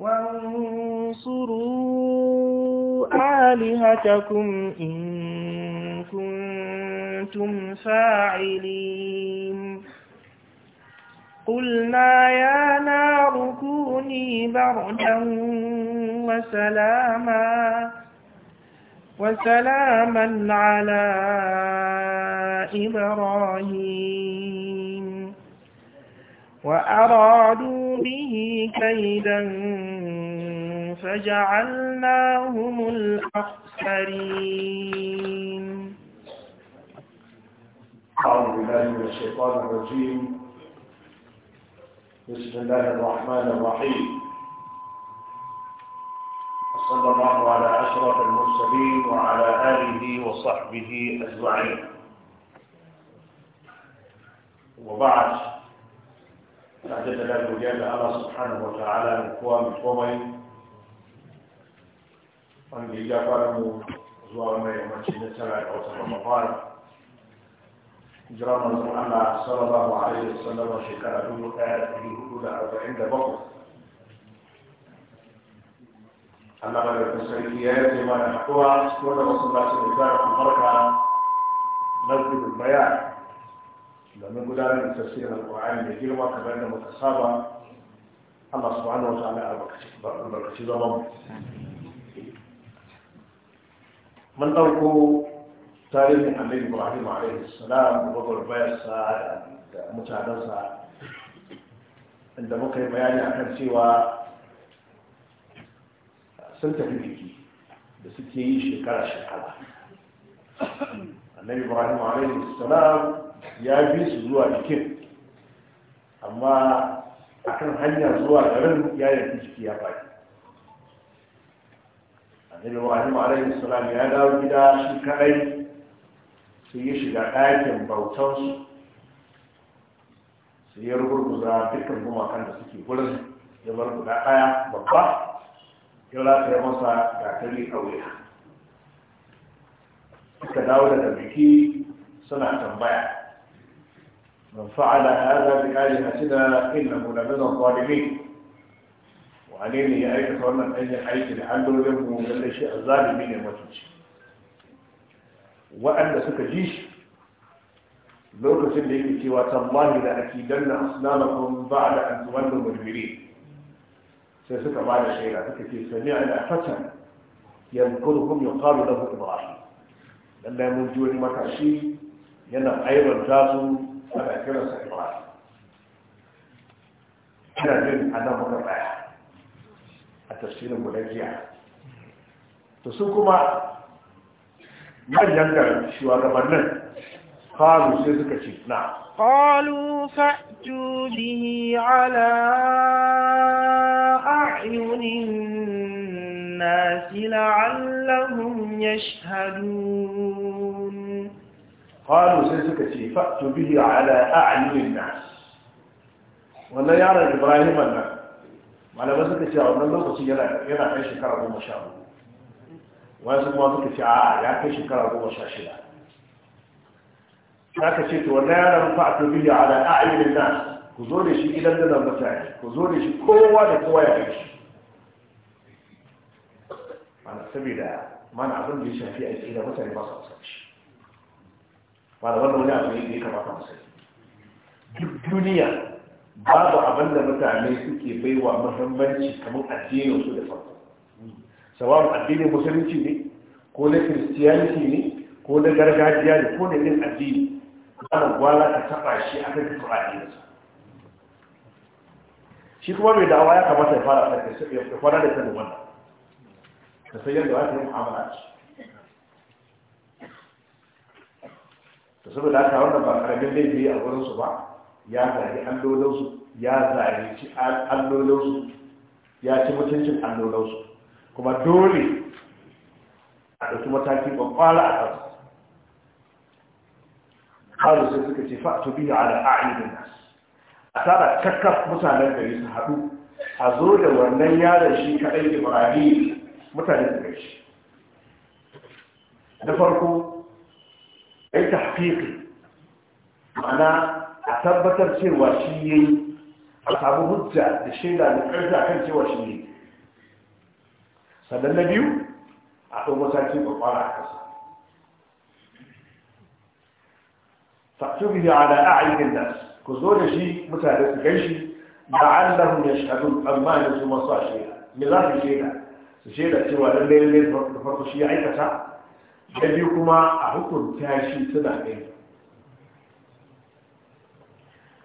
وانصروا آلهتكم إن كنتم فاعلين قلنا يا نار كوني بردا وسلاما وسلاما على إبراهيم وأرادوا به كيدا فجعلناهم الأخسرين أعوذ بالله من الشيطان الرجيم بسم الله الرحمن الرحيم صلى الله على أشرف المرسلين وعلى آله وصحبه أجمعين وبعد na jaddada godiya da Allah subhanahu wa ta'ala da kowa mai komai wanda ya gafara mu zuwa wannan yammaci na tara da wata Ramadan jira manzon Allah sallallahu alaihi wasallam shekara dubu ɗaya da ɗari hudu da arba'in da bakwai Allah ba da sarki ya yi mana haɗuwa cikin wanda masallaci da zara albarka masjidul bayan domin gudanar da tafsirin alkur'ani mai girma kamar da muka saba Allah subhanahu wa ta'ala albarkaci zama mu mun dauko tarihin annabi Ibrahim alaihi salam da gurbayarsa da mutanensa inda muka yi bayani akan cewa sun tafi biki da suke yi shekara shekara annabi Ibrahim alaihi salam ya bi su zuwa jikin amma a kan hanya zuwa garin ya yanki jiki ya faɗi wa ibrahim alaihi salam ya dawo gida shi kadai sai ya shiga ɗakin bautansu sai ya rubuta dukkan gumakan da suke gurin, ya bar guda ɗaya babba ya lafiya masa gatari a wuya suka dawo daga biki suna tambaya من فعل هذا بآلهتنا إنه لمن الظالمين وعليه يا أيها الأخوان أي حيث لعله يبقوا من الأشياء الظالمين المتوشي وأن سكجيش لوكس اللي يكتي وتالله لأكيدن أصنامكم بعد أن تولوا مدبرين سيسك بعد شيئا فكتي سمعنا فتى يذكرهم يقال له إبراهيم لما يمجون مكاشي ينا أيضا تاسو ana kiransa ibrahim ina jin ana muka a tafsirin gudajiya to su kuma manyan garin shugabannin faru sai suka ce na قالوا فأتوا به على أعين الناس لعلهم يشهدون قالوا سيسكتي فأتوا به على أعلم الناس والله يعرى إبراهيم أنا وعلى بسكتي أعلم الله سيلا إلا عيش كرب مشاهد وعلى بسكتي أعلم آه، الله عيش كرب مشاهد سيسكتي والله يعرى فأتوا به على أعلم الناس كذولي شيء إلا دنا المتاعي كذولي شيء كوة لكوة يعيش معنى السبيل ما نعظم جيشا في أجل إلا مثل ما صار malaman wani abu ne da ya kamata mu sani duk duniya babu abin da mutane suke baiwa muhimmanci kamar addinin su da farko sawabu addinin musulunci ne ko na kiristiyanci ne ko na gargajiya ne ko na yin addini mu gwala ka taba shi a kan kafa addininsa shi kuma mai dawa ya kamata ya fara da fara da sanin wannan da sayar da wata yin mu'amala ce to saboda haka wannan ba karamin laifi a wurin su ba ya zari allolin su ya zari ci allolin su ya ci mutuncin allolin su kuma dole a ɗauki mataki ba kwala a kansu kawai sai suka ce fa to biyu ala a'ayyukan nasu a tara kakkaf mutanen gari su haɗu a zo da wannan yaron shi kaɗai ibrahim mutane su gaishe na farko ai tahqiqi ma'ana a tabbatar cewa shi yayi a samu hujja da shaida da ƙarfi akan cewa shi yayi sannan na biyu a ɗau mataki kwakwara a ƙasa فاكتبه على أعين الناس كزول شيء مثال سكيشي لعلهم يشهدون أما يسمى صاشيرا ملاك شيئا شيئا سوى لليل فرق شيء عيكسا da biyu kuma a hukunta shi suna ɗaya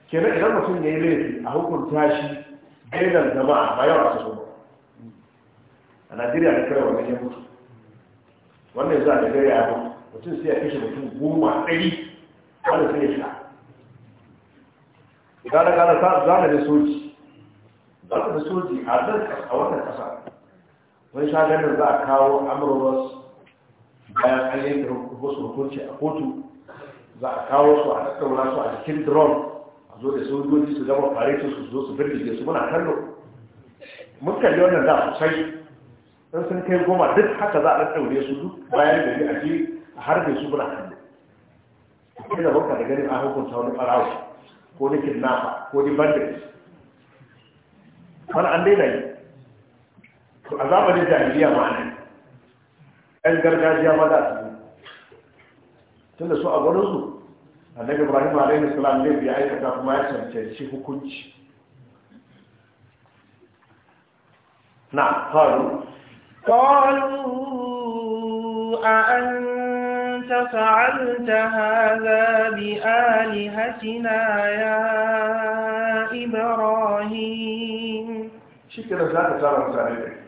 kenan idan mutum ya yi laifi a hukunta shi daidan jama'a ba yawa su so a najeriya da kawai wani ya mutu wannan za a najeriya ya mutu mutum sai ya kashe mutum goma ɗari wanda sai ya sha idan da kana sa zana da soji zana da soji a nan a wannan ƙasa wani shaganin za a kawo amurwas bayan an yi yanke wasu hukunci a kotu za a kawo su a tattauna su a cikin drone a zo da sojoji su zama faretin su zo su birgige su muna kallo mun kalli wannan da sosai in sun kai goma duk haka za a ɗaɗɗaure su duk bayan gari a ji a harbe su muna kallo kai da banka da ganin an hukunta wani ɓarawo ko ni kidnapper ko ni bandit wani an daina yi to a zamanin jahiliya ma'ana yan gargajiya ba za su tun da su a gurinsu annabi ibrahim alaihi salam ne bai aikata kuma ya cancanci hukunci na faru قالوا أأنت هذا بآلهتنا يا إبراهيم شكرا لك ترى مساعدك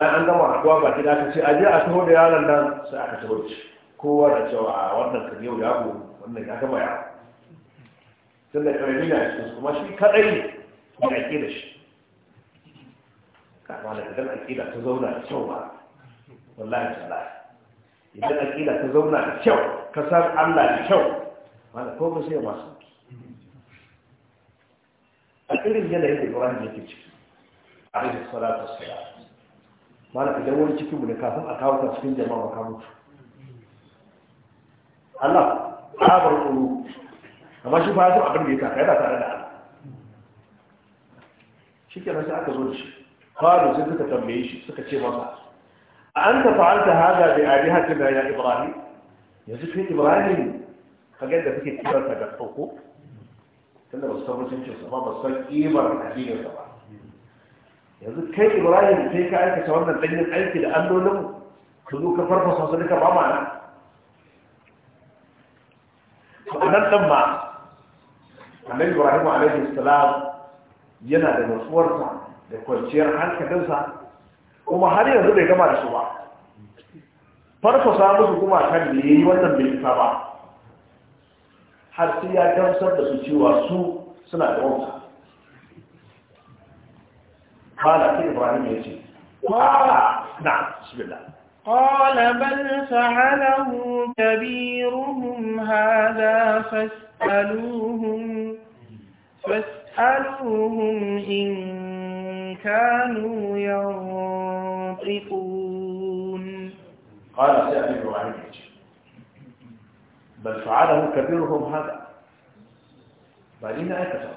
bayan an gama haɗuwa ba da aka ce aje a taho da yaron nan sai aka taho da shi kowa da cewa a wannan kan yau ya go wannan ya gama ya sun da ƙarami na shi kuma shi kaɗai ne ya ake da shi kama da idan aƙida ta zauna da kyau ba wallahi tallahi idan aƙida ta zauna da kyau ka san Allah da kyau wanda ko ba sai masu a irin yanayin da Ibrahim yake ciki alaihi salatu salatu mana idan wani cikin mu da kafin a kawo ka cikin jama'a ka mutu Allah tsabar tsoro amma shi ba ya abin da ya kaka yana tare da Allah shi kenan sai aka zo da shi faru sai suka tambaye shi suka ce masa a an ta fa'alta hada bi alihatina ya ibrahim yanzu kai ibrahim kaga da suke kiran ka da sauko tunda ba su san mutuncinsa ba ba su san kimar addininsa ba yanzu kai ibrahim sai ka aikata wannan ɗanyen aiki da allolin su zo ka farfasa duka ba ma'ana a nan ɗan ma annabi ibrahim alaihi salam yana da nutsuwarsa da kwanciyar hankalinsa kuma har yanzu bai gama da su ba farfasa musu kuma kan da ya yi wannan bai ba har sai ya gamsar da su cewa su suna da wauta قال في إبراهيم يجي آه، نعم بسم الله قال بل فعله كبيرهم هذا فاسألوهم فاسألوهم إن كانوا ينطقون قال سأل إبراهيم بل فعله كبيرهم هذا بل إن أكثر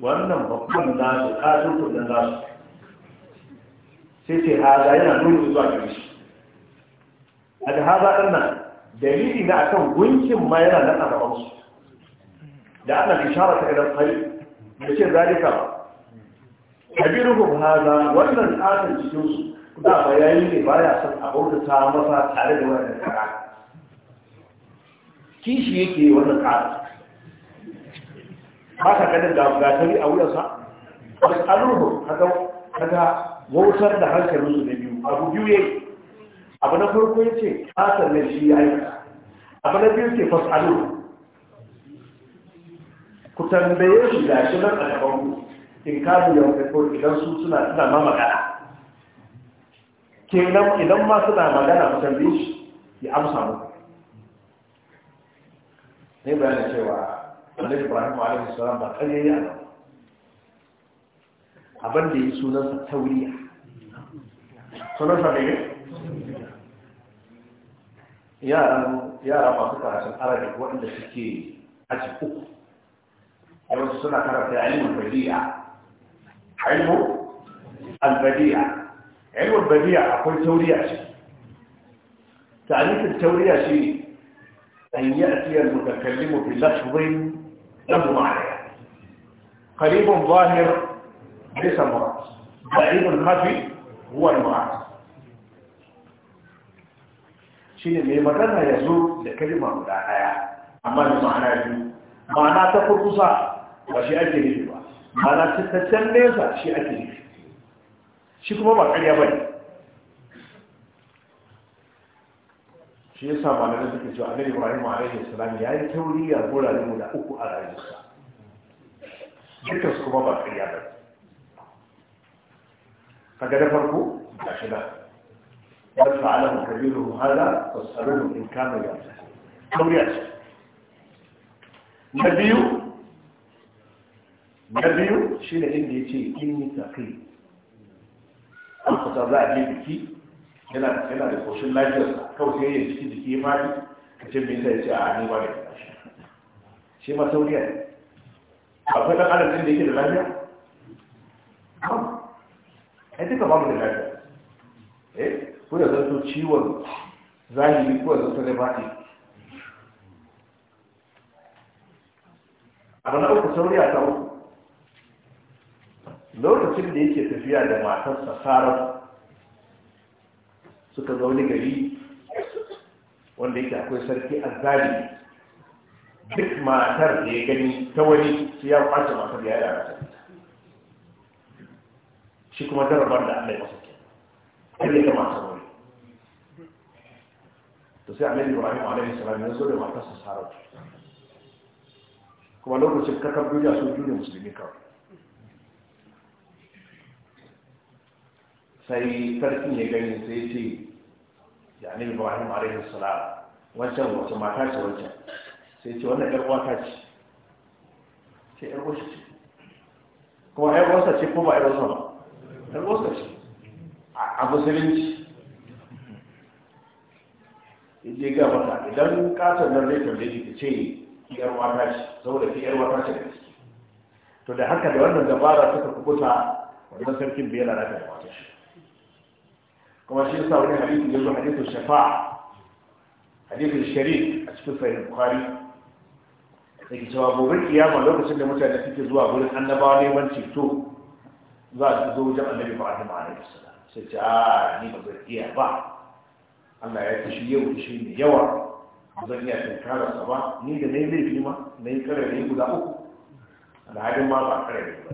وأنهم ربنا كل الناس sai ce haza yana nuna zuwa gari shi a da haza ɗan nan dalili na akan gunkin ma yana nan a gaban su da ana ishara ta idan fari da ce zalika ba kabiruhum haza wannan tsarin cikin su da bayani ne baya son a bautata masa tare da wannan kara kishi yake wannan kara ba ka ganin da gatari a wuyansa wasu alurhu kaga wautar da su da biyu abu biyu yayi abu na farko ya ce kasar ne shi ya yi abu na biyu ke fasalu ku tambaye shi da shi nan a gaban ku in kasu yau da idan su suna suna ma magana kenan idan ma suna magana ku tambaye shi ya amsa mu ne bayanin cewa Allah ibrahim alaihi salam ba kare ya A abin da yi sunansa tauriya sunan sa ne yaran yara masu karatun arabic waɗanda suke aji uku yawanci suna karanta ilmin badi'a ilmin albadi'a ilmin badi'a akwai tauriya ce تعريف التورية شيء أن يأتي المتكلم بلفظ له معنى قريب ظاهر ليس المراد بعيد خفي هو المراد shi ne mai magana ya zo da kalima guda daya amma da ma'ana biyu ma'ana ta kurkusa ba shi ake nufi ba ma'ana cikakken nesa shi ake nufi shi kuma ba kariya ba ne shi ya sa ma'ana suke cewa annabi ibrahim alaihi salam ya yi tauri a gurare guda uku a rayuwarsa dukkan su kuma ba kariya ba Ka gada farko shi nan يرفع لهم كبيرهم هذا فاسألوهم إن كانوا كم كوريات نبي نبي شيء عندي يجي إني تقي أخطر لا أجيب بكي هنا هنا لقوش الله يجب كو هي جكي كي مالي كتب من سيجي أعني واني شيء ما سوريا أفضل أنا عندي كده لانيا أنت كمان من لانيا إيه ko da zato ciwon zahiri ko ya zanto na baɗi a ranar uku sauri a tsawon lokacin da yake tafiya da matarsa sarar suka zaune gari wanda yake akwai sarki a azzali duk matar da ya gani ta wani su ya kwace matar ya yi a rasar shi kuma jarabar da allai ya masa ke ya kama to sai annabi ibrahim alaihi salam ya zo da matarsa sarar kuma lokacin kakar duniya sun duniya musulmi kawai sai sarkin ya gani sai ce ya annabi ibrahim alaihi salam wancan wata mata ce wancan sai ce wannan ɗan uwata ce ce ɗan uwata ce kuma ɗan wata ce ko ba ɗan wata ba yar uwata ce a musulunci ya je ga mata idan kasar nan zai tambaye ki ce ki yar wata ce saboda ki yar wata ce da ciki to da haka da wannan dabara suka kubuta wannan sarkin bai lalata da wata shi kuma shi yasa wani hadisi ya zo hadisin shafa, hadisin sharif a cikin sahih bukhari da ke cewa gobe kiyama lokacin da mutane suke zuwa gurin annabawa neman ceto za a zo wajen annabi fa'adama alaihi salam sai ce a ni ba zai iya ba Allah ya fushi yau da shi mai yawa zan iya tunkara sa ba ni da na yi laifi ma na yi kare da yi guda uku alhalin ma ba kare da ba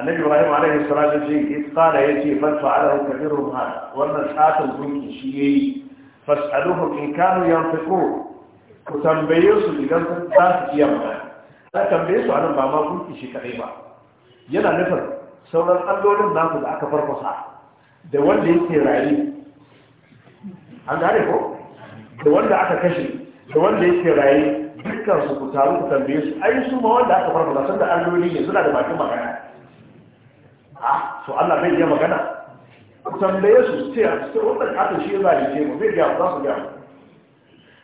annabi ibrahim alaihi salatu ce isqala yace fa fa'alahu kabirun hada wannan satan gunki shi yayi fas'aluhu in kanu yanfiqun ku tambaye su idan za su iya magana za tambaye su anan ba ma gunki shi kadai ba yana nufin sauran allolin naku da aka farfasa da wanda yake raye an gane ko da wanda aka kashe da wanda yake raye dukkan su ku taru ku tambaye su ai su ma wanda aka farfasa sun da alloli ne suna da bakin magana ah to Allah bai iya magana ku tambaye su ce a cikin wannan katon shi ya a ce mu bai gaya za su gaya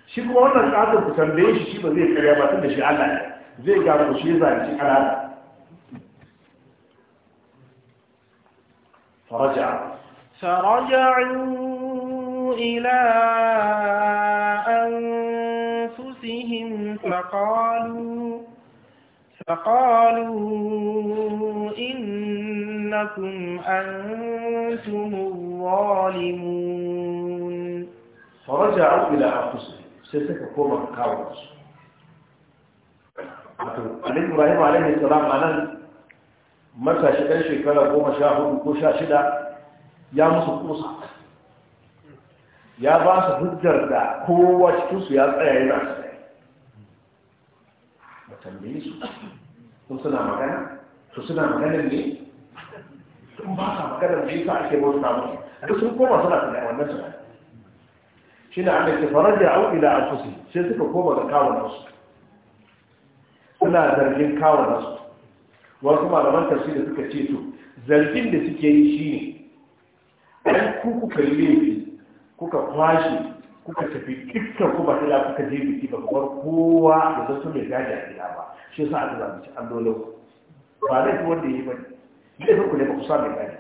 shi kuma wannan katon ku tambaye shi shi ba zai karya ba tunda shi Allah ne zai gaya ku shi ya a ce ƙanana faraja فرجعوا إلى أنفسهم فقالوا فقالوا إنكم أنتم الظالمون فرجعوا إلى أنفسهم سيسك كوما كاوز علي إبراهيم عليه السلام أنا متى شكر شكرا كوما شاهد كوشا شدا ya musu kusa ya ba su hujjar da kowa su ya tsaya yana su tsaye ba tambaye su sun suna magana su suna magana ne sun ba sa magana ne sa ake bauta musu duk sun koma suna tsaye wannan suna shi na ana ke farar da au ila fusi sai suka koma da kawunansu suna zargin kawunansu wasu malaman da suka ce to zargin da suke yi shi ne dan ku kuka laifi kuka kwashe kuka tafi dukkan ku ba tana kuka je biki ba kuma kowa da zasu mai gaji a gida ba shi yasa aka zabi allolin ba zai fi wanda ya yi ba zai fi ku ba ku sa mai gaji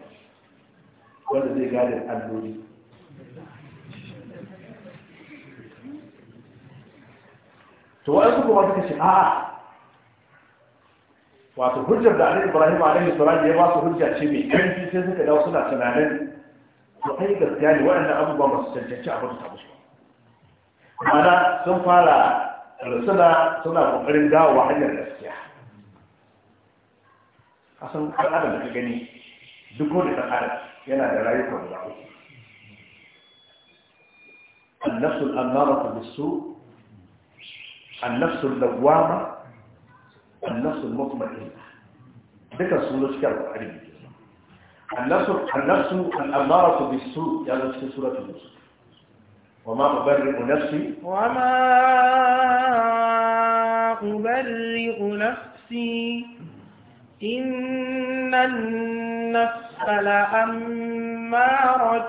wanda zai gaji dole to wani su kuma suka ce a wato hujjar da Ali Ibrahim alayhi salam ya ba su hujja ce mai ƙarfi sai suka dawo suna tunanin to ai gaskiya ne waɗanda abubuwa masu cancanci a bauta musu mana sun fara suna suna dawo dawowa hanyar gaskiya a san ɗan da ka gani duk wani ɗan yana da rayuka guda uku النفس الأمارة بالسوء النفس اللوامة النفس المطمئنة ذكر ƙoƙarin كالعلم النفس النفس الأمارة بالسوء يعني في سورة يوسف وما أبرئ نفسي وما أبرئ نفسي إن النفس لأمارة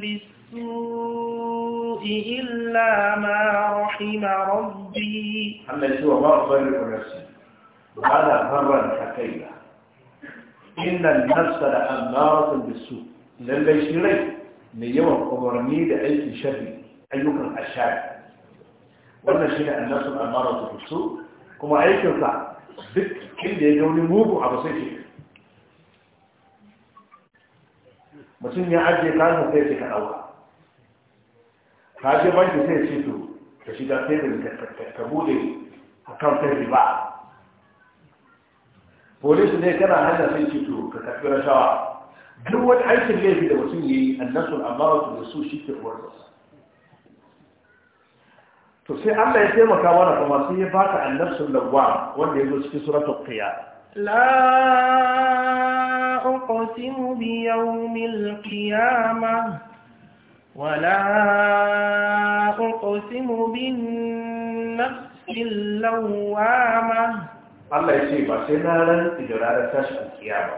بالسوء إلا ما رحم ربي أما سوى ما أبرئ نفسي وهذا برا حكينا innan nafsa da annaratun da su lallai shi rai mai yawan umarni da aikin sharri ayyukan ashari wannan shi ne annasun annaratun da su kuma aikinsa duk inda ya gauni mugu abu sai ke mutum ya ajiye kayan sai ce ka ɗauka ka je banki sai ce to ka shiga sai da ka bude kan sai riba بوليس ليه كان هذا في تيتو كتكبير شاعر دروة عيس الليه في دوسين يهي الناس الأمارة والرسو شكتر ورزة تسي أما يتيم كوانا فماسيه باقع النفس اللوام وانده يقول في سورة القيامة لا أقسم بيوم القيامة ولا أقسم بالنفس اللوامة Allah ya ce ba sai na rantsi da ranar tashi alkiyama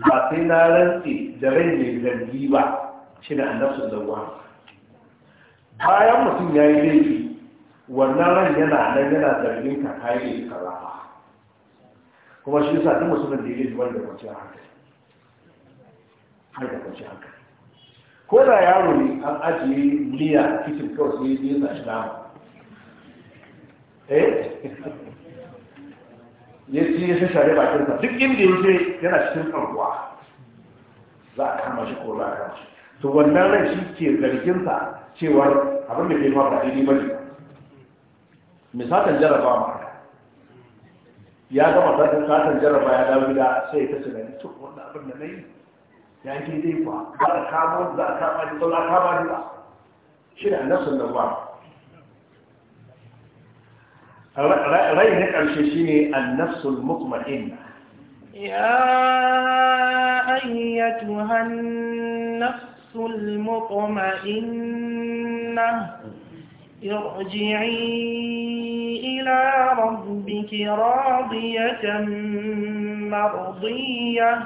ba ba sai na rantsi da rai mai zargi ba shi da annabsun zawa bayan mutum ya yi laifi wannan ran yana nan yana zargin ka kayi da karafa kuma shi yasa duk mutumin da ya laifi da kwanciyar hankali haka da kwanciyar hankali ko da yaro ne an ajiye miya a kicin kawai sai ya sa shi eh ya ce ya shashare bakinsa duk inda ya je yana cikin tsarkuwa za a kama shi ko za a kama shi to wannan rai shi ke zarginsa cewar abin da ke fara daidai ni bane misalin jarraba ma ya gama satan jarraba ya dawo gida sai ta ce gani to wannan abin da na yi ya ke dai ba za a kama za a kama ni za a kama ni ba shi da annabi sallallahu alaihi رأي هيك أمشي شيني النفس المطمئنة يا أيتها النفس المطمئنة ارجعي إلى ربك راضية مرضية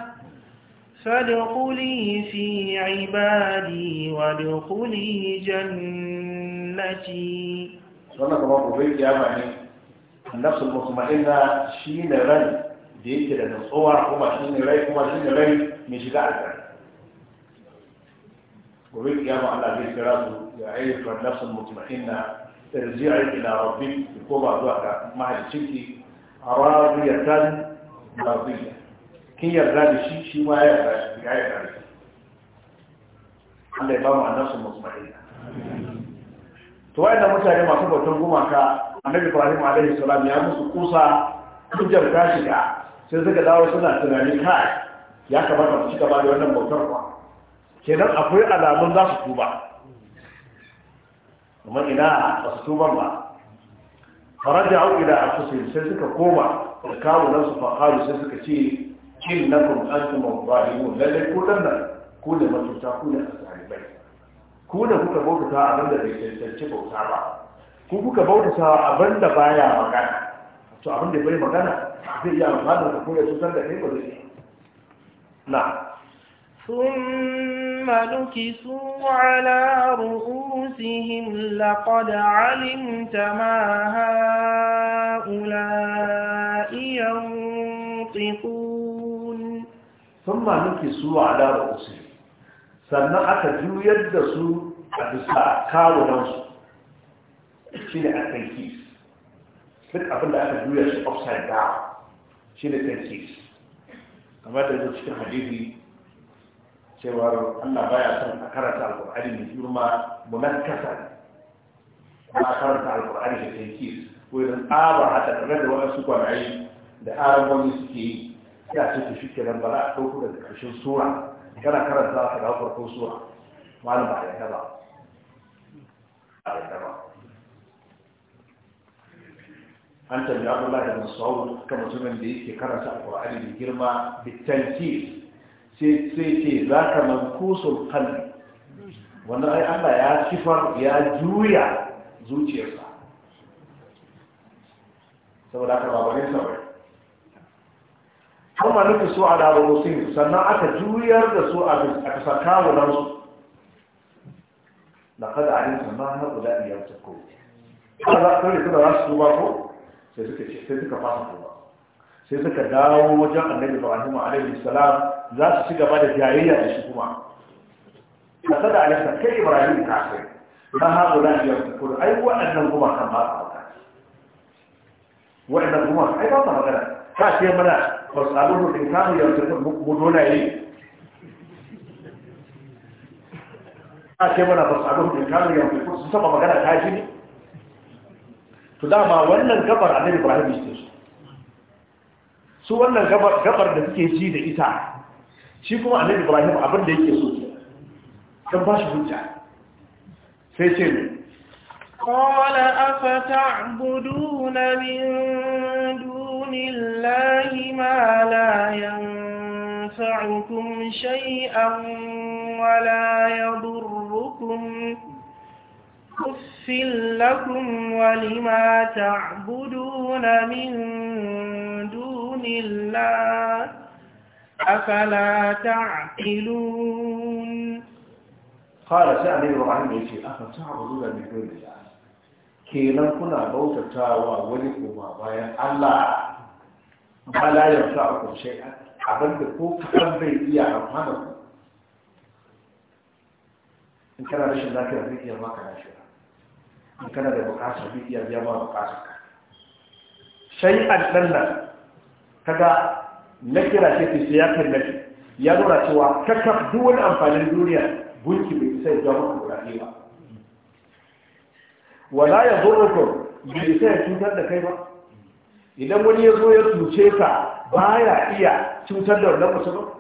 فادخلي في عبادي وادخلي جنتي صلى الله عليه وسلم النفس المطمئنة شين رن دي كده الصور وما شين رن وما شين رن مش قاعدة قلت يا ابو الله في كراسه يا عيف النفس المطمئنة ارجعي إلى ربك بقوة ذاك مع الشك راضية راضية كي يرد شيء شيء ما يرد شيء ما يرد الله يبارك النفس المطمئنة تواجه مثلا ما تبغى تقوم annabi ibrahim alaihi salam ya musu kusa hujjar ta shiga sai suka dawo suna tunani kai ya kamata su ci gaba da wannan bautar kenan akwai alamun za su tuba kuma ina ba su tuban ba faraja au ila anfusihim sai suka koma da kawo nan su faqalu sai suka ce kin lakum antum zalimun lalle ku dan nan ku da matuta ku da ku da kuka bauta a nan da bai cancanci bauta ba Ku kuka bautata abin da baya magana to abin da bai magana zai iya amfani da koyar cutar da kai ba zai na ثم نكسوا على رؤوسهم لقد علمت ما هؤلاء ينطقون ثم نكسوا على رؤوسهم sannan aka juyar da su a bisa kawunansu shi ne a tankis duk abin da aka juya shi upside down shi ne tankis kamar da zai cikin hadisi cewar allah baya son a karanta alkur'ani mai girma munakkasa ba a karanta alkur'ani da tankis ko idan ba hata kamar da waɗansu kwanayi da aramomi suke yi ya ce ta shi kenan ba za a ɗauko daga ƙarshen sura kana karanta ka dawo farkon sura malam ba a yarda ba a yarda ba an tambayi abdullahi da masau kan mutumin da yake karanta alqur'ani da girma da tantis sai sai ce zaka mankusul qalbi wannan ai Allah ya sifar ya juya zuciyarsa saboda haka babanin sabai kuma nufi su a dawo sun sannan aka juyar da su a kasakawo nan su da kada a yin sannan haɗu da iya ta ko ba za ka rikuna za su ba ko sai suka ce sai suka fasa tuba sai suka dawo wajen annabi ibrahim alaihi salam za su ci gaba da jayayya da shi kuma ka sada alaika kai ibrahim ka sai na haɗu ya kukur ai waɗannan kuma kan ba ka wata. waɗannan kuma ai ba su magana ka ce mana ba su abin rufin kamun yanzu mu dona yi ka ce mana ba su abin rufin kamun yanzu su saba magana ta shi. ne to dama wannan gabar annabi ibrahim yake su su wannan gabar gabar da suke ji da ita shi kuma annabi ibrahim abin da yake so kan ba shi hujja sai ce ne قال أفتعبدون من دون الله ما لا ينفعكم شيئا ولا يضركم أُفٍّ لَكُمْ وَلِمَا تَعْبُدُونَ مِنْ دُونِ اللَّهِ أفلا تعقلون قال سعدي ابراهيم يشي أفلا تعبدون من دون الله كي كنا بوتا تاوى ولكما بايا الله فلا لا ينفعكم شيئا أبدا فوق كم يا إيا أمانكم إن كان رشن ذاكرا بيك يا ما كان شيئا in kana da bukatar duk ya biya ma bukatar ka sai a dan nan kaga na kira ce ta sai ya kallafi ya nuna cewa kaka duk wani amfanin duniya gunki bai sai ya jawo maka buraɗe ba wala ya zo bai sai ya cutar da kai ba idan wani ya zo ya cuce ka baya iya cutar da wannan mutum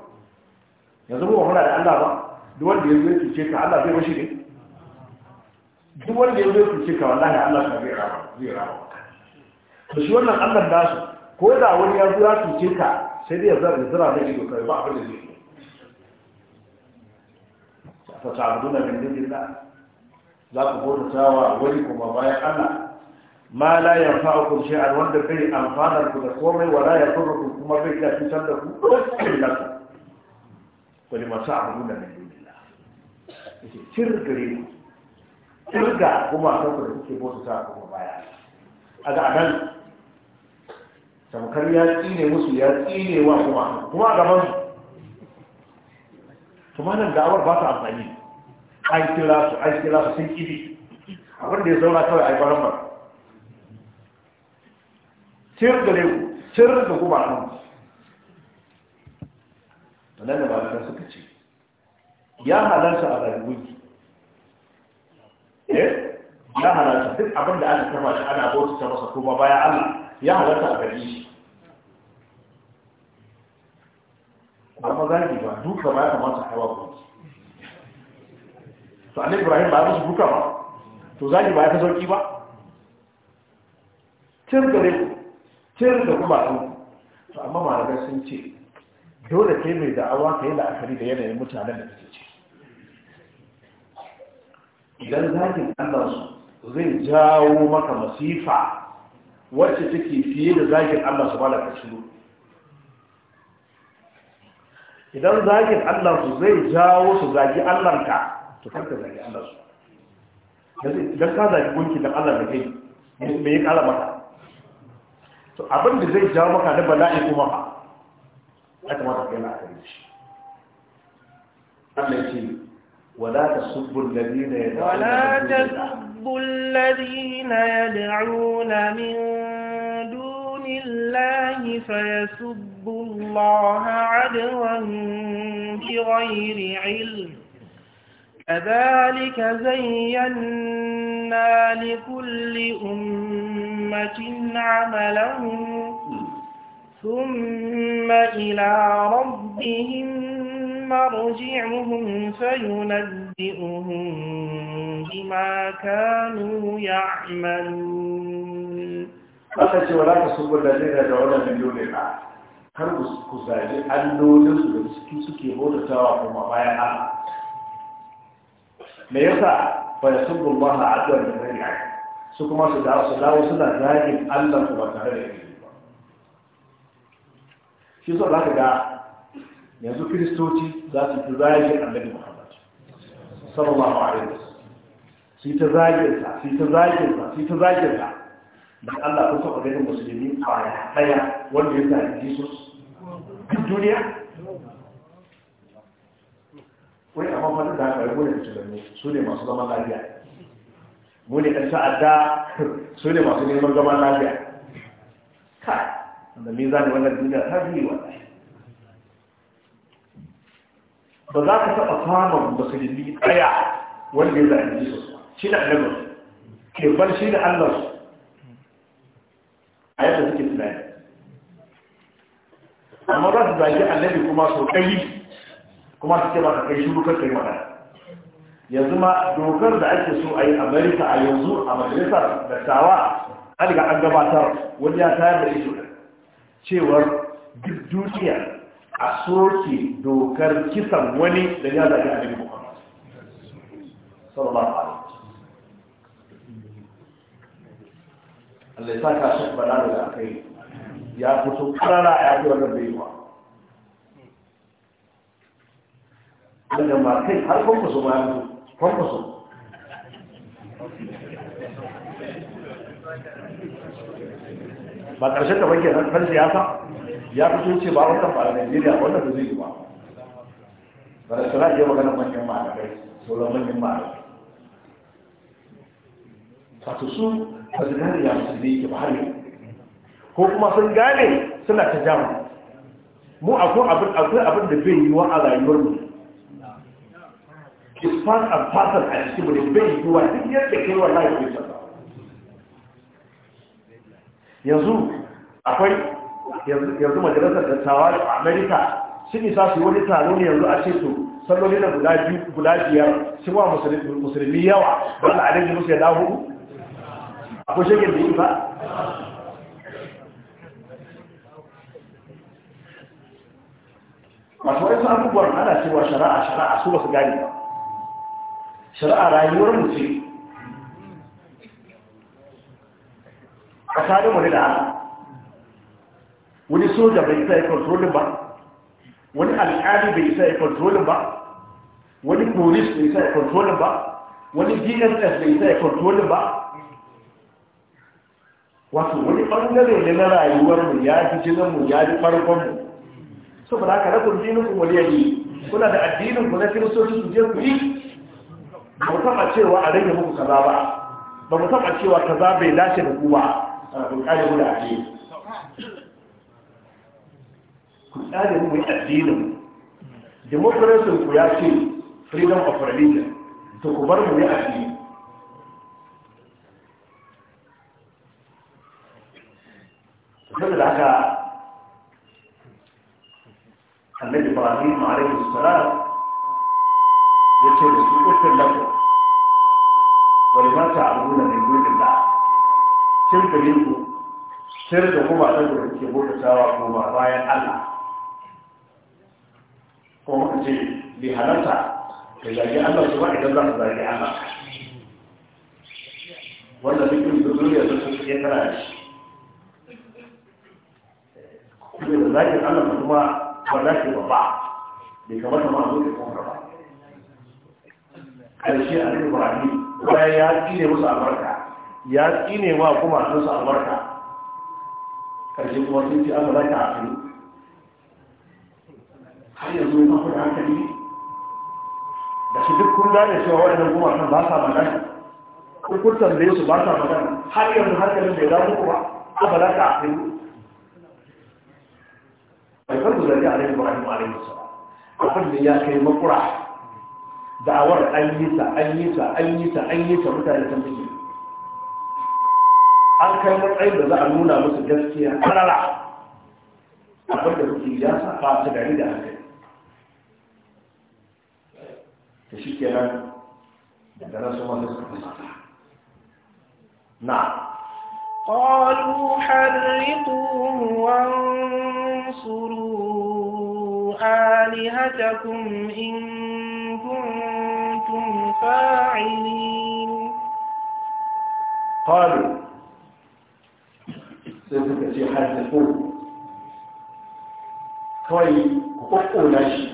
yanzu ba wahala da Allah ba duk wanda ya zo ya cuce ka Allah zai bashi ne duk wanda ya zai kuce ka wallahi Allah ka zai rawa zai rawa to shi wannan Allah da su ko da wani ya zo ya kuce ka sai dai ya zara da zara da ido kai ba abin da zai yi fa ta'buduna min dunillah za ku bauta wa wani kuma bayan Allah ma la yanfa'ukum shay'an wanda bai amfanar ku da komai wala yadurrukum kuma bai da cutar da ku illa ku kulima ta'buduna min dunillah yake cirgare ku turga kuma a kanku da kuke bosu ta kuma baya a ga anan tamkar ya tsine musu ya tsine wa kuma kuma a gaban su kuma nan da'awar ba ta amfani an kira su an kira su sun kibi A wanda ya zauna kawai a yi baran ba sirri da leku sirri da kuma nan nan da ba suka ce ya halarta a gudu. Eh? ya halatta duk abin da aka kama shi ana bautu ta masa kuma bayan Allah ya halatta a gari shi amma zagi ba duka ba ya kamata a yawa kuma to annabi Ibrahim ba ya musu duka ba to zagi ba ya fi sauki ba cir da ku cir da kuma ku to amma malamai sun ce dole kai mai da'awa ka yi la'akari da yanayin mutanen da kake ciki idan zakin Allah su zai jawo maka masifa wacce take fiye da zakin Allah su bala ka shiru idan zakin Allah su zai jawo su zagi Allah ka to karka zaki Allah su idan ka zaki gunki dan Allah da kai me ya kala maka to abin da zai jawo maka na bala'i kuma ba ya kamata kai na akari shi Allah ya ce ولا تسبوا الذين يدعون ولا تسبوا الذين يدعون من دون الله فيسبوا الله عدوا بغير علم كذلك زينا لكل أمة عملهم ثم إلى ربهم مرجعهم فينبئهم بما كانوا يعملون aka ce wala ta subu da zai da wannan miliyoyin ku zaji allolin su da suke suke tawa kuma baya a. me yasa fa yasubbu a adwa min ghairi su kuma su dawo su dawo suna zagin Allah su ba tare da ilimi ba shi so za ka ga yanzu kiristoci za su fi zagin annabi muhammad sallallahu alaihi wasallam su ta zage sa su ta zage sa su ta zage sa da Allah kusa a ganin musulmi kwaya daya wanda ya zage Jesus duk duniya wai amma fata da haka mu ne musulmi su ne masu zaman lafiya mu ne ɗan sa'adda su ne masu neman zaman lafiya kai da me zane wannan duniya ta biyu wallahi ba za ka taɓa samun musulmi ɗaya wanda ya za'in su shi da annabar ke bar shi da allah su a yadda suke tunani amma za su zaki annabi kuma sau ɗari kuma su ce ba ka kai shi dukkan kai mana yanzu ma dokar da ake so a yi amerika a yanzu a majalisar tawa an riga an gabatar wani ya tayar da ita. cewar duk duniya a soke dokar kisan wani da ya zaɓi a jirgin muhammadu sallallahu alaihi Allah ya sa ka shi bala da aka yi ya fito karara a yaƙi wannan bai yiwa wanda ma kai har kwankwaso ma ya fito kwankwaso ba ƙarshen da wanke nan siyasa ya fito ce ba wata ba a Najeriya wannan da zai yi ba ba da sura ya magana manyan malamai sauran manyan ma'ana. wato su ba su gane ya su zai yi ba har ko kuma sun gane suna ta jama. mu akwai abin akwai abin da bai yi wa a rayuwar mu is part a fasar a cikin mu bai yi wa duk yadda kai wa bai yanzu akwai yanzu majalisar dattawa a amerika sun isa su wani taro ne yanzu a ce su salloli na guda biyar shi wa musulmi yawa da al'adar musu ya dawo hudu akwai shekin da yi ba masu wani abubuwan ana cewa shari'a shari'a su wasu gani ba shari'a rayuwar mu ce a tsarin wani da wani soja bai sa ya kontrolin ba wani alƙali bai sa ya kontrolin ba wani polis bai sa ya kontrolin ba wani dss bai sa ya kontrolin ba wato wani ɓangare ne na rayuwarmu ya fi mu ya fi farkonmu saboda haka rakun kuma wani yi kuna da addinin ku na kiristoci su je ku yi ba mu taɓa cewa a rage muku kaza ba ba mu taɓa cewa kaza bai dace da ku ba a kun kare mu ake yi. ku tsare mu addinin democracy ku ya ce freedom of religion to ku bar mu ya addini saboda haka annabi ibrahim da salam ya ce da su uffin lafu wani ma ta abu da mai gudun da sun fi ku sir da kuma sun da ke bautawa kuma bayan allah bai halarta ka zage Allah shi ba idan za ka zage Allah wannan dukkan zuriya da su ke tara da shi kuma da zage Allah kuma ba za ka ba bai kamata ma zo ka kuma ba karshe a cikin burani bayan ya tsine musu albarka ya tsine wa kuma sun su albarka karshe kuma sun ce Allah za ka hafi har yanzu ya da hankali da shi duk kun gane cewa waɗannan gumakan ba sa magana kun kun tambaye su ba sa magana har yanzu hankalin bai damu ku kuwa kuma ba za ka afi bai kan ku zargi a rai ibrahim alaihi salam abin da ya kai makura da'awar an yi ta an yi ta an yi ta an yi ta mutane sun bige an kai matsayin da za a nuna musu gaskiya karara abin da suke ya sa fa su gari da hankali da shi kenan ما nan نعم قالوا حرقوه وانصروا آلهتكم إن كنتم فاعلين قالوا سيدنا في حرقوه كوي قطعوا لشي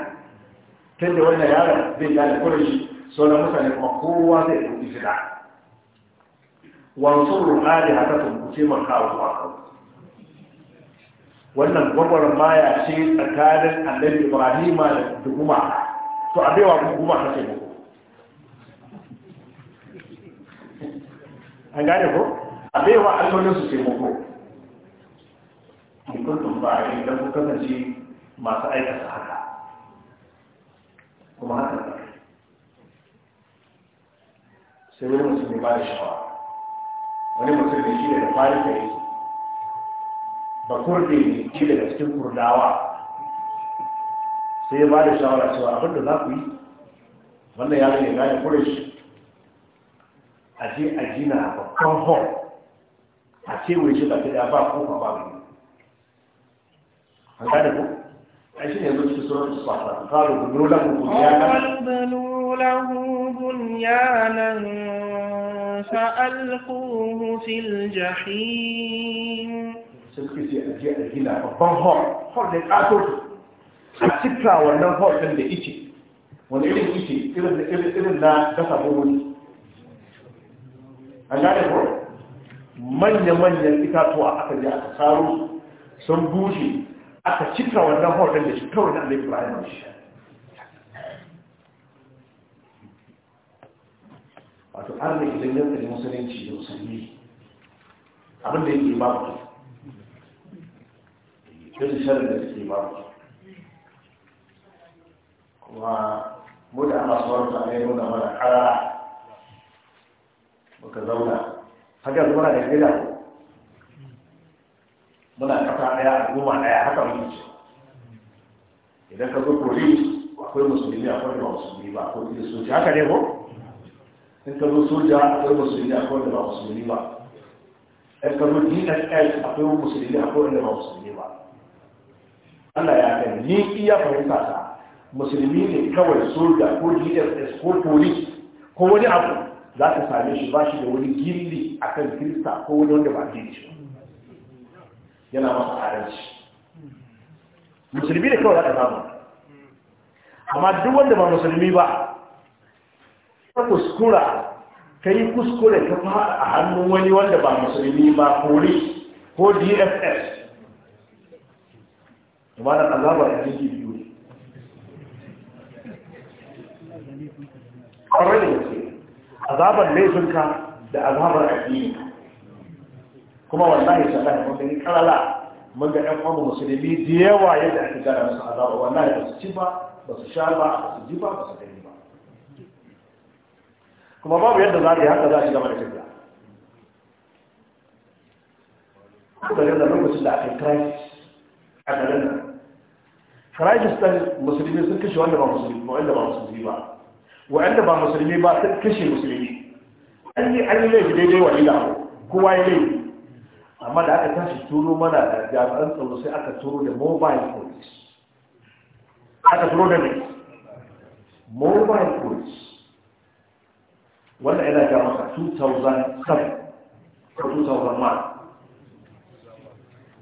ta da wannan yaron zai gane kurin shi sauran mutane kuma kowa zai ɗauki Wansu wasu da haka sun kuce man kawo Wannan kawo wannan gwagwarin maya ce tsakanin annabi ibrahima da duguma to a baiwa kuma ta ce muku an gane ko a baiwa allolin su ce muku in kuntum ba a yi don kasance masu aikata haka kuma haka sai wani mutum ne ba da wani mutum ne shi ne da fari ba kurde ne shi daga cikin kurdawa sai ya ba da shawara cewa abin da za ku yi wannan ya ne gane kurish a je a gina babban hall a ce shi ba ta ba ko ba ba an gane ku ai shine yanzu cikin suratul sahra qalu bunu lahu bunyanan bunu lahu bunyanan فألقوه في الجحيم سلكتي أجي أجينا فبان هور هور دي قاتل أتكا ونن هور دن دي إيتي ون إيتي إيتي إذن إذن إذن لا دفع بوني أنا أقول من يمن يتكاتوا أكد يأتكارو sun bushe aka cika wannan hoton da shi kawai na alaihi ibrahim shi wato an da idan yanka da musulunci da musulmi abin da ba ku yanzu sharar da suke ku kuma muda da ana sauran ne nuna mana kara muka zauna haka zuwa da gida muna kafa daya goma daya haka muke ce idan ka zo kori akwai musulmi akwai da ba musulmi ba akwai soja haka ne ko in ka zo soja akwai musulmi akwai da musulmi ba in ka zo dss akwai musulmi akwai da musulmi ba Allah ya kai ni iya fahimta ta musulmi ne kawai soja ko dss ko kori ko wani abu za ka same shi ba shi da wani gilli akan kirista ko wani wanda ba shi ba yana masa adalci musulmi da kawai zaka samu amma duk wanda ba musulmi ba ka kuskura ka yi kuskure ka fara a hannun wani wanda ba musulmi ba kori ko dss ba da azabar da jiki biyu ƙwarar da yake azabar laifinka da azabar addini kuma wallahi sallah mun gani kalala mun ga ɗan uwan musulmi da yawa yadda ake gana musu azaba wallahi ba su ci ba ba su sha ba ba su ji ba ba su gani ba kuma babu yadda za ka yi haka za a ci gaba da tafiya kuka yadda lokacin da aka yi crisis a garin nan crisis ɗin musulmi sun kashe wanda ba musulmi ba wanda ba musulmi ba wa'anda ba musulmi ba sun kashe musulmi an yi an yi laifi daidai wa ila kowa ya laifi amma da aka tashi turo mana da jami'an tsaro sai aka turo da mobile police aka turo da mai mobile police wannan yana jama'a maka 2007 ko 2001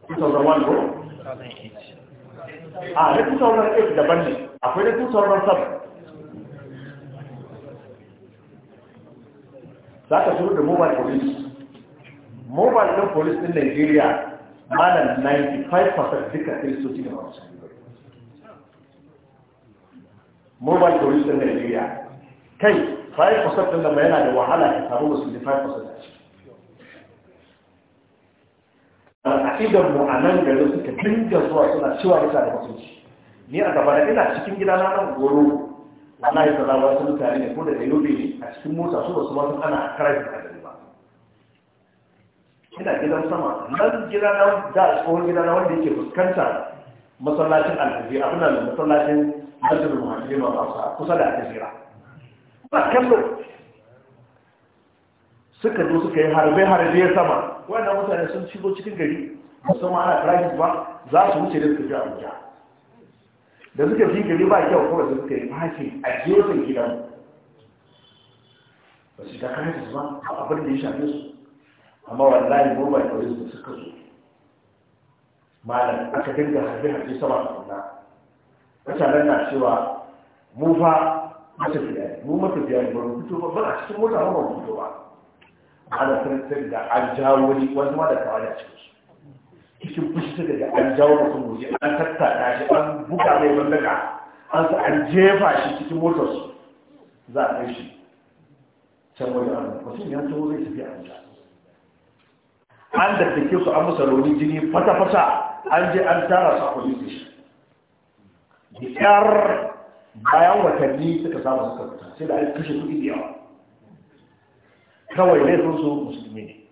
2001 ko? a da 2008 daban ne akwai da 2007 za ka turo da mobile police mobile ɗin polis ɗin Najeriya malam 95% duka kiristoci da masu mobile police ɗin Nigeria kai 5% ɗin da yana da wahala ya samu musulmi 5% a ciki al'adar mu a nan gari suka dinga zuwa suna cewa bisa da mutunci ni a gaba da ina cikin gida na nan goro wallahi salama wasu mutane ne ko da yobe ne a cikin mota su ba su ma sun ana karar da ina gidan sama nan gida na da tsohon gida na wanda yake fuskanta masallacin alhaji abin da masallacin masjidin muhajiri ma ba kusa da alhajira ba kallo suka zo suka yi harbe harbe sama wannan mutane sun shigo cikin gari musamman ana traffic ba za su wuce da suka fi abuja da suka fi gari ba kyau kuma da suka yi fashi a gefen gidan ba su ta kare su ba abin da ya shafe su amma wallahi mu ba kawai su suka zo malam aka dinga harbe harbe sama da kuna mutanen na cewa mu fa matafiya ne mu matafiya ne ba mu fito ba ba a cikin mota ba mu fito ba ana sarrafa da an jawo wani wani ma da kawai da cikin su cikin fushi daga an jawo mutum waje an tattata shi an buga mai mallaka an sa an jefa shi cikin motarsu za a kai shi can wani an mutum ya tawo zai tafi a mutane an da take su an musa rauni jini fata-fata an je an tara su a police yar bayan watanni suka samu suka fita sai da an kashe kuɗi da yawa kawai laifin su musulmi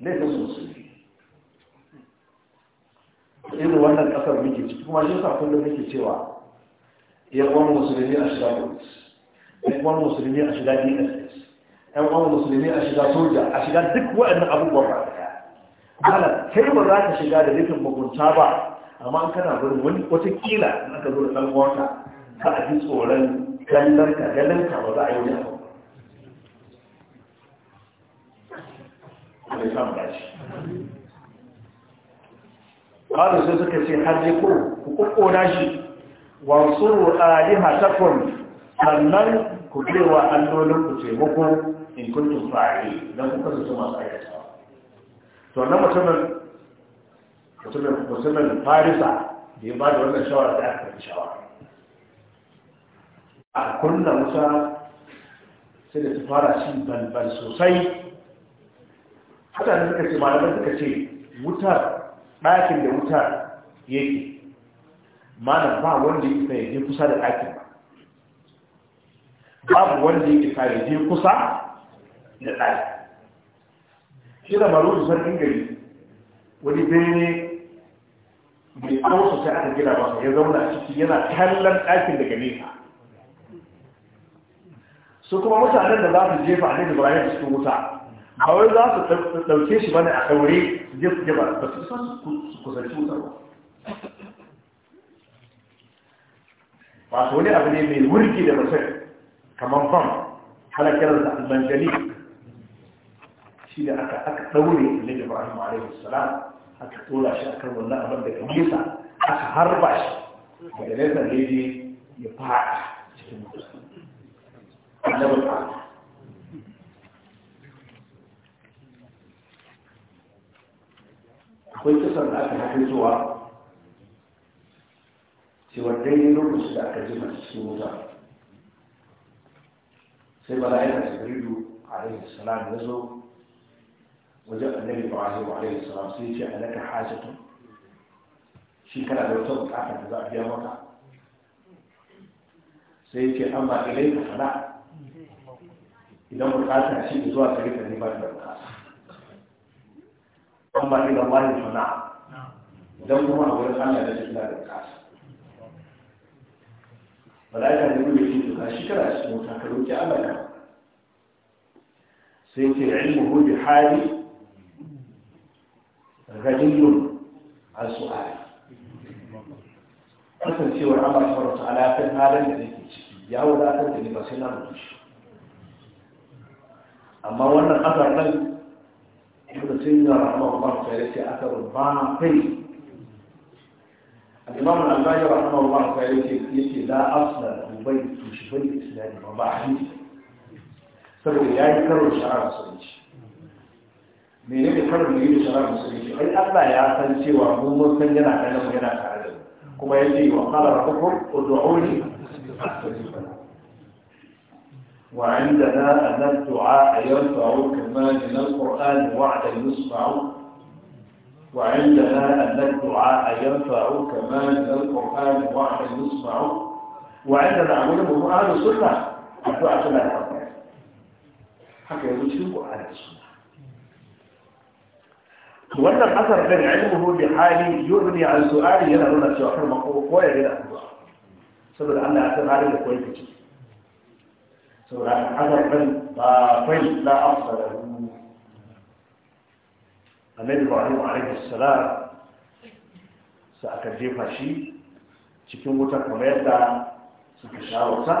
ne laifin su musulmi irin wannan ƙasar muke ciki kuma shi sa kullum muke cewa yan wani musulmi a shiga police yan wani musulmi a shiga ds yan uwan musulmi a shiga soja a shiga duk waɗannan abubuwan ba malam kai ba za ka shiga da nufin mugunta ba amma an kana gurin wani watakila in aka zo da ɗan uwanka ka a ji tsoron kallon ka ka ba za a yi wani abu bai sai suka ce har ne ko ku ƙoƙona shi wasu aliha takwan sannan ku wa allolin ku taimako in kuntum fa'ili dan kuka su masu aikata to wannan mutumin mutumin mutumin farisa da ya ba da wannan shawara da aka karbi shawara a kunna wuta sai da ta fara shi balbal sosai haka da suka ce malamai suka ce wutar ɗakin da wutar yake mana ba wanda ya ya je kusa da ɗakin ba babu wanda ya ya je kusa da ɗaki shi da marudu sarkin gari wani bene mai kawo sai aka gina masa ya zauna a ciki yana kallon ɗakin daga nesa su kuma mutanen da za su jefa a nan ibrahim cikin wuta a wai za su ɗauke shi bane a ɗaure su je su jefa ba su san su kusanci wutar ba wato wani abu ne mai wurgi da mutum kamar bam halakar da almanjali shi da aka aka daure da ibrahim alaihi salam aka tola shi akan wannan abin daga sa, aka harba shi daga nesa ne ya fada cikin mutum akwai kisan da aka haɗe zuwa cewa daidai lokacin da aka jima cikin wuta sai bala'ika a alaihi salam ya zo wajen annabi ibrahim alaihi salam sai ce alaka hajatu shi kana da wata bukata da za a biya maka sai ce an ilai ka fada idan bukata shi zuwa gare ka ne da bukata amma ila wani fada idan kuma a wurin Allah da shi da bukata malaika ne kuma shi to shi kana cikin wuta ka roki Allah sai ce ilmu bi hali غني عن سؤالي أنت في ورعة الله تعالى في مال يا ولا تنتني بس لا أما وانا أثر من ابن سيدنا رحمه الله تعالى في أثر الباقي الإمام الألباني رحمه الله تعالى في لا أصل لبيت مش بيت إسلامي ما بعرف سبب يعني كرر شعار صليش yi da shara Allah ya san cewa mu mun san yana yana tare da kuma yace wa qala rabbukum وعندنا أن الدعاء ينفع كما من القرآن وعدا يسمع وعندنا أن الدعاء ينفع كما من القرآن وعدا يسمع وعندنا عمله أهل السنة الدعاء لا حكى يقول شنو أهل السنة to wannan asar din ilmuhu bi hali yughni a su'ali yana nuna cewa kar mako ko ya gida addu'a saboda Allah ya san halin da koyi ce saboda asar ɗin ba fai la ba annabi ibrahim alaihi sala sa aka jefa shi cikin wutar kamar yadda suka sha wuta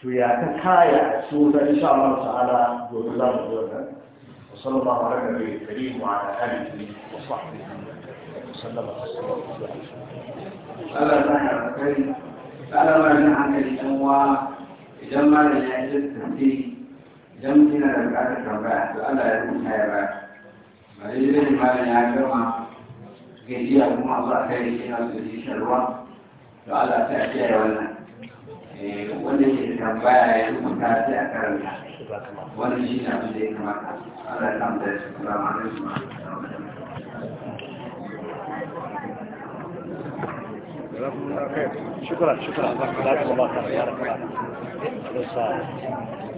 to ya ta kaya su da insha Allah ta'ala gobe za mu zo da وصلى الله على النبي الكريم وعلى اله وصحبه وسلم تسليما كثيرا ألا تعلم كيف ألا ما جعلك لجوا جمع العزة فيه جمع من الأبعاد الرباع فألا يكون حيرا فإذن ما جعلك كيديهم الله خير شيئا الذي شروا فألا تعتي عيونا إيه، ونجي الرباع يكون تعتي أكثر من حقيقة wannan shi ne abin da ya kamata Allah ya kamata ya kula ma da shi ma شكرا شكرا جزاكم